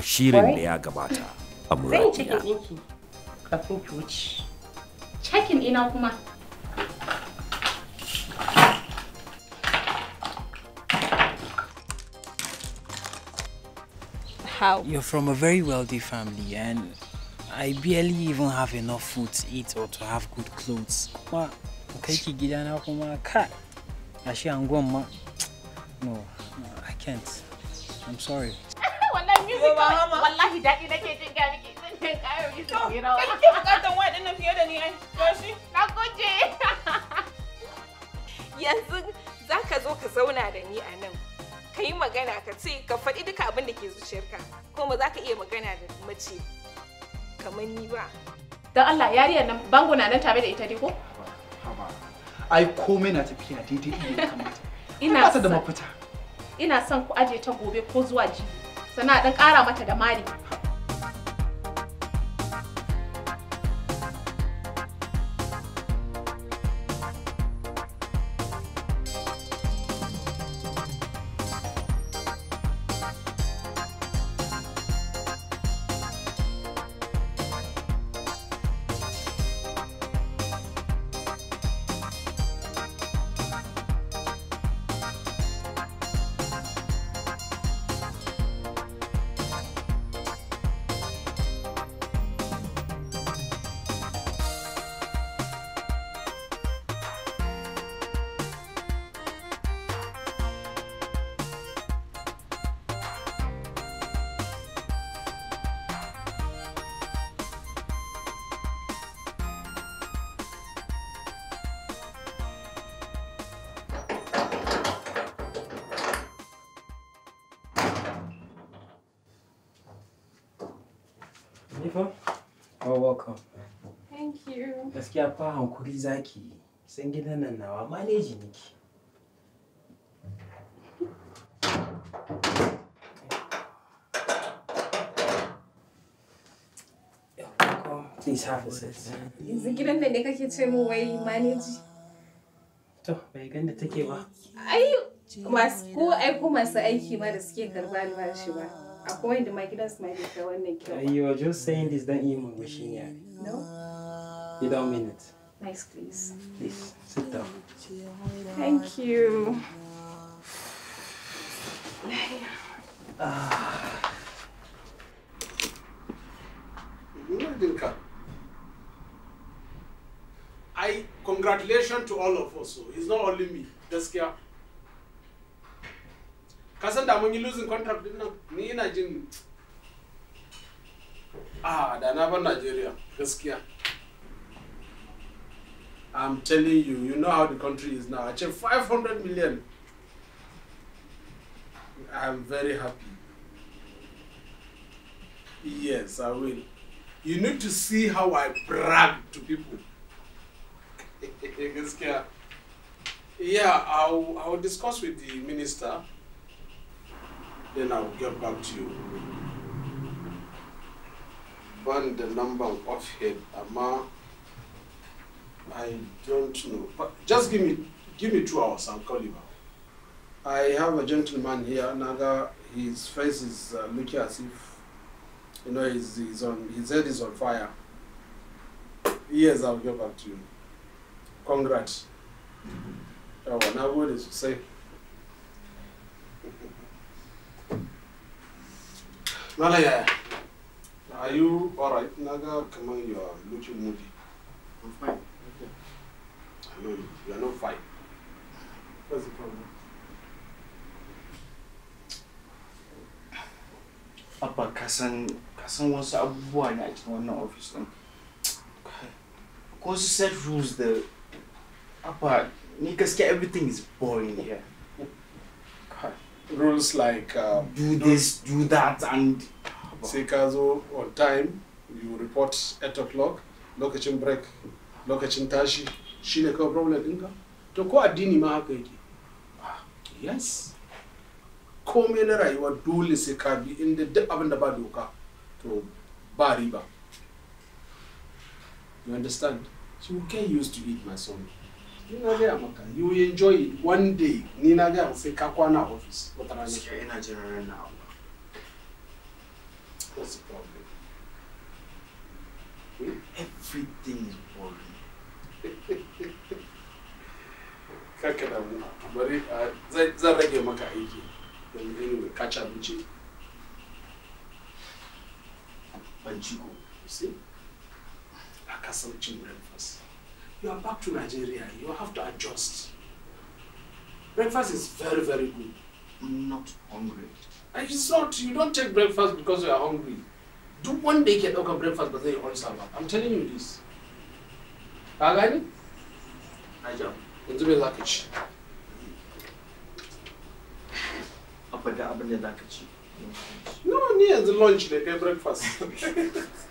a shirin da ya gabata a muradiya. Zan cikin ɗinki kafin ki wuce. Cikin ina kuma. How? You're from a very wealthy family and I barely even have enough food to eat or to have good clothes. Ma, kai ki na kuma ka ashe anguwan ma. No, no, I can't. I'm sorry. wallahi music ma wallahi daɗi nake jin ga miki zan jin kayo music ne rawa kake bukatan waya dinnan fiye da ni ai gashi na goje yanzu za ka zo ka zauna da ni a nan ka yi magana ka ce ka faɗi duka abin da ke zuciyarka kuma za ka iya magana da mace kamar ni ba don Allah yariyar nan bango na nan tare da ita dai ko ai komai na tafiya daidai ya kamata ina da mafita ina son ku aje ta gobe ko zuwa jibi sannan a ɗan ƙara mata da mari Nifa? Oh, welcome. Thank you. Gaskiya fa hankuri zaki san gidan nan nawa maneji niki. Please have a seat. Yanzu gidan nan ne kake ce min wai maneji? To, bai ganda take ba. Ai, masu ko ai ko masu aiki ma da suke karɓa albashi ba. Akwai wanda ma gidansu ma wannan kyau. Ai, you are just saying this don't even wish No. You don't mean it. Nice, please. Please, sit down. Thank you. Ah. Uh. congratulations to all of us. So it's not only me. Gaskiya. Kasan da mun are losing contract din nan ah da na bar Nigeria I'm telling you, you know how the country is now. I achieved 500 million. I'm very happy. Yes, I will. You need to see how I brag to people. yeah, I'll, I'll discuss with the minister, then I'll get back to you. Burn the number of head, Ama, I don't know. But just give me, give me two hours, I'll call you back. I have a gentleman here, Naga. his face is uh, looking as if, you know, he's, he's on, his head is on fire. Yes, I'll get back to you. Congrats. Oh, now what is gode say? Malaya, are you alright? Naga, come on, you are looking moody. I'm fine. Okay. I know you, you are not fine. What's the problem? Abba, kasan kasan wasu abubuwa ne a in wannan office. din. Ko su set rules there. Apa, ni gaskiya everything is boring here. Rules like um, do this, do that, and Say ka zo on time, you report at o'clock, lokacin break, lokacin tashi, shine kawai problem ɗinka? To ko addini ma haka yake. Yes. komai na rayuwa dole se ka bi the depth abin da ba doka to ba riba you understand so you get used to it my son ni na gaya maka you will enjoy it one day ni na gaya sai ka kwana office wata rana gaskiya ina jin ranar na abu what's the problem hmm? everything is boring kaka da mu bari ah, zan rage maka aiki yanzu anyway ka ci abinci ban ci ko sai a kasar cin breakfast you are back to Nigeria. You have to adjust. Breakfast is very, very good. I'm not hungry. It's not. You don't take breakfast because you are hungry. Do one day get okay breakfast, but then you always have I'm telling you this. Agani? Niger. Yanzu me za ka ci? Abada abin da the No, near the lunch they kai breakfast.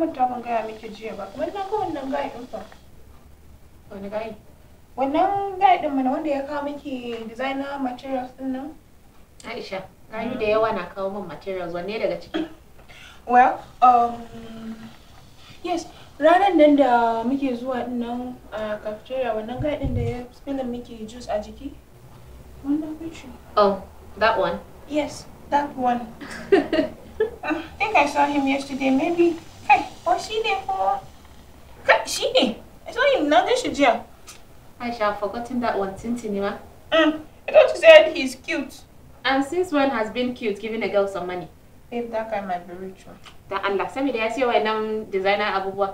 manta ban gaya miki jiya ba kuma na ga wannan gayi din fa wani gayi wannan gayi din mana wanda ya kawo miki designer materials din nan Aisha you da yawa na kawo min materials wanne daga ciki well um yes Rather than the muke zuwa din nan a cafeteria wannan gayi din da the spillin miki juice a jiki wannan which oh that one yes that one I think I saw him yesterday. Maybe ko shi ne ko kai shi ne sorry na gan jiya Aisha I've forgotten that one Tintinima mm. I thought you said he's cute and since when has been cute giving a girl some money If that guy might be rich da Allah sami da ya siya wayannan designer abubuwa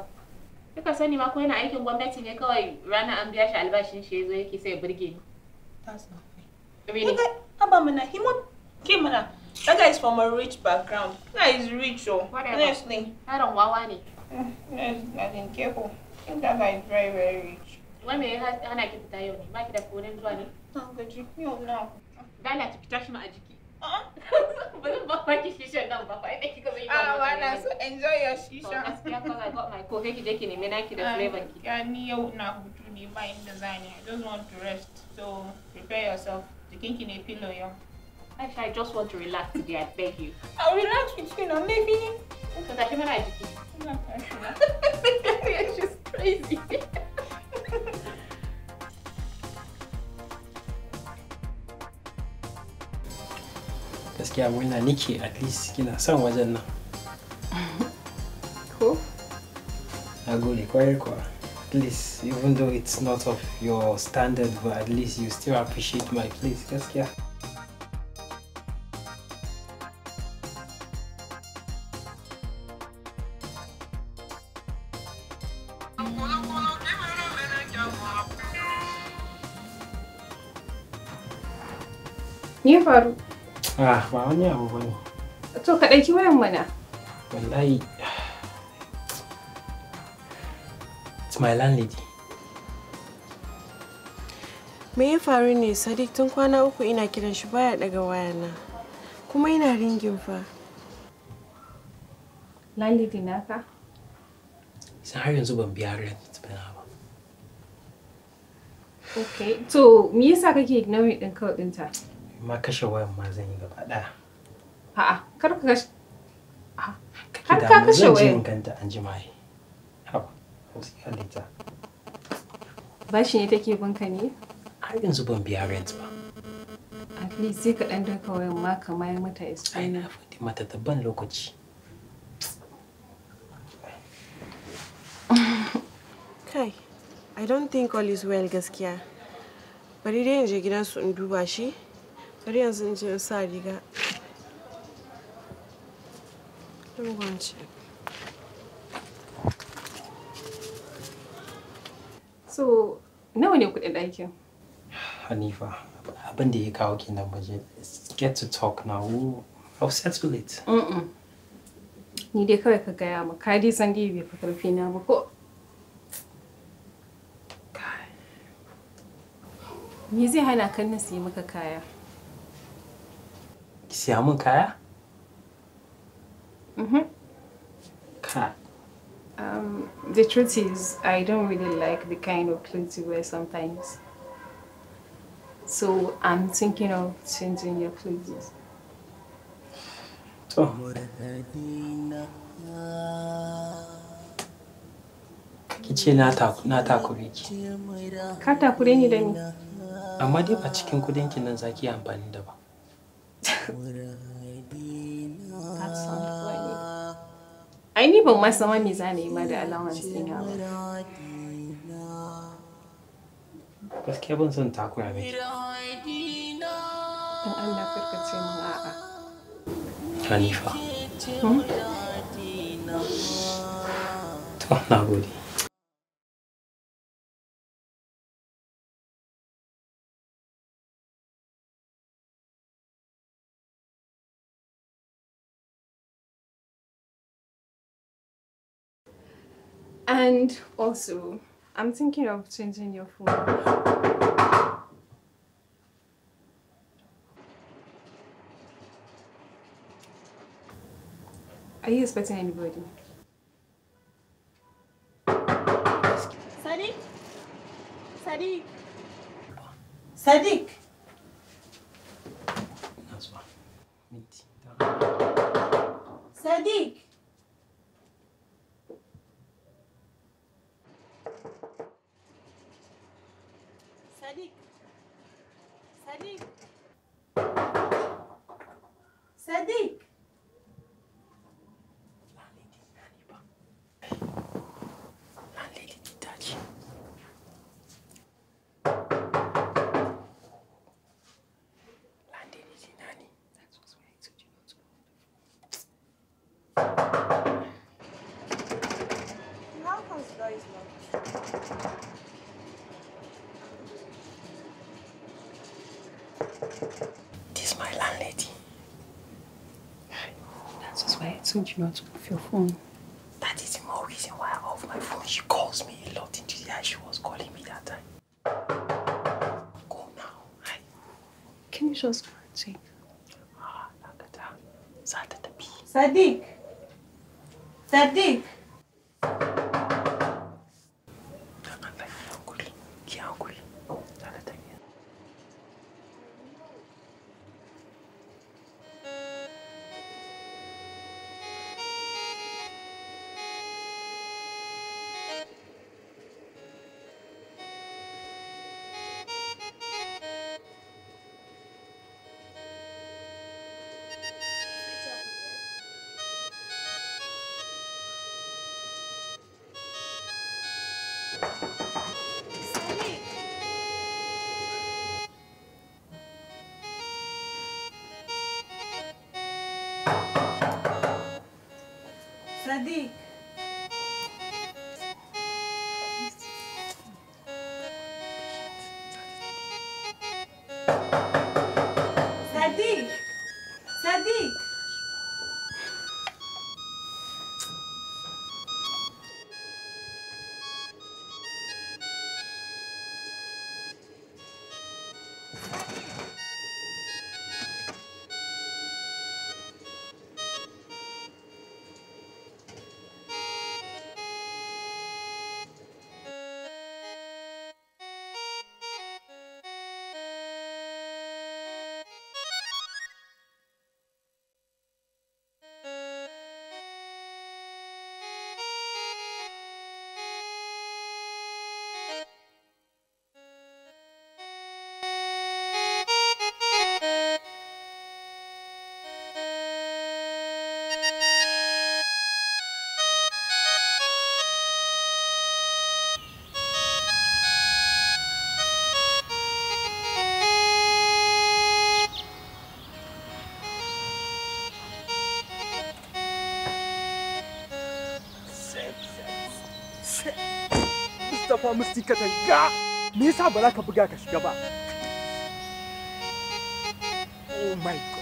Kika sani ma ko yana aikin gwamnati ne kawai rana an biya shi albashin shi yazo yake sai ya burge ni. That's not fair. Really? Abamana, mana, won't ke mana. That guy is from a rich background. That is rich, oh. Whatever. Honestly. I don't want any. Yes, I think careful. I think that guy is very, very rich. Wai me hana ki yau ne? Ba ki da a zuwa ne? Na na. Dala ki fita shi a Ba zan ba ki shishan nan ba fa inda kika zai ba. Ah, na so enjoy your shisha. Gaskiya oh, cause I got my coke ki je ki nemi naki ah, da flavor ki. Ya ni yau na hutu ne ba inda zani. I just want to rest. So prepare yourself. Jikinki ne pillow yau. Actually, I just want to relax today, I beg you. I'll relax with you now, maybe. Because I remember I did it. She's crazy. gaskiya murna nike at least kina son wajen nan ko na gode kwarai kuwa at least even though it's not of your standard but at least you still appreciate my place gaskiya faru? Ah, ba wani abu bane. To ka ɗauki wayan mana. Wallahi. It's my landlady. Me ya faru ne Sadiq tun kwana uku ina kiran shi baya daga wayana. Kuma ina ringin fa. Landlady naka? Sai har yanzu ban biya rent ba. Okay. To, me yasa kake ignoring din kawai ta? ma kashe wayan ma zan yi gaba daya. A'a, kar ka kashe. Har ka kashe wayan. Zan ganta an ji mai. Haba, halitta. Bashi ne take binka ne? Har yanzu ban biya rent ba. At least sai ka ɗan daka wayan ma ka mayar mata explain. Ai na faɗi mata ta ban lokaci. Kai, I don't think all is well gaskiya. Bari dai in je gidansu in duba shi. bari yanzu in je sa riga so nawa ne kudin ɗakin hanifa abin da ya kawo kenan baje get to talk now I'll settle it. Ni dai kawai ka gaya ma, ka dai san dai bai fi karfi na ba ko. Me zai hana kan na yi maka kaya? Siamo Kaya? Mm-hmm. Kaya. Um, the truth is, I don't really like the kind of clothes you wear sometimes. So I'm thinking of changing your clothes. Oh. Kake ce na takure ki. Ka takure ni da ni? Amma dai ba cikin kudinki nan zaki amfani da ba. ai ni ban masa wani za ma da allowance din ba gaskiya ban son takura dan Allah Hanifa hmm? gode And also, I'm thinking of changing your phone. Are you expecting anybody? Sadiq? Sadiq? Sadiq? This is my landlady. That's just why I told you not to off your phone. That is the more reason why I off my phone. She calls me a lot into the eye. She was calling me that time. Go now. Hi. Can you just check? Ah, look at that. Sadiq. Sadiq. Sadiq. de yayyafa musu katanga me yasa bala ka buga ka shiga ba oh my god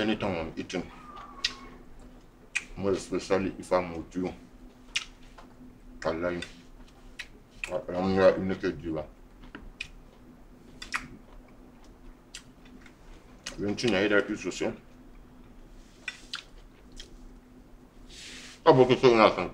Seni tamam itim. More especially if I'm with you. Vallahi. Ramya inek ediyorlar. Benim için yayı da yüz olsun. Tabii ki sorun altın.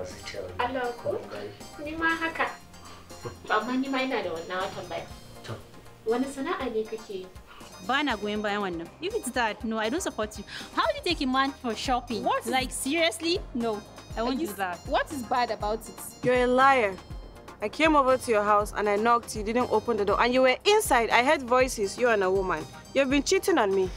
masu cewa Allah ko ni ma haka amma ni ma ina da wannan watan bai wani sana'a ne kake yi Bana going by one. If it's that, no, I don't support you. How do you take a man for shopping? What? Like, seriously? No, I won't do that. What is bad about it? You're a liar. I came over to your house and I knocked. You didn't open the door. And you were inside. I heard voices. You and a woman. You've been cheating on me.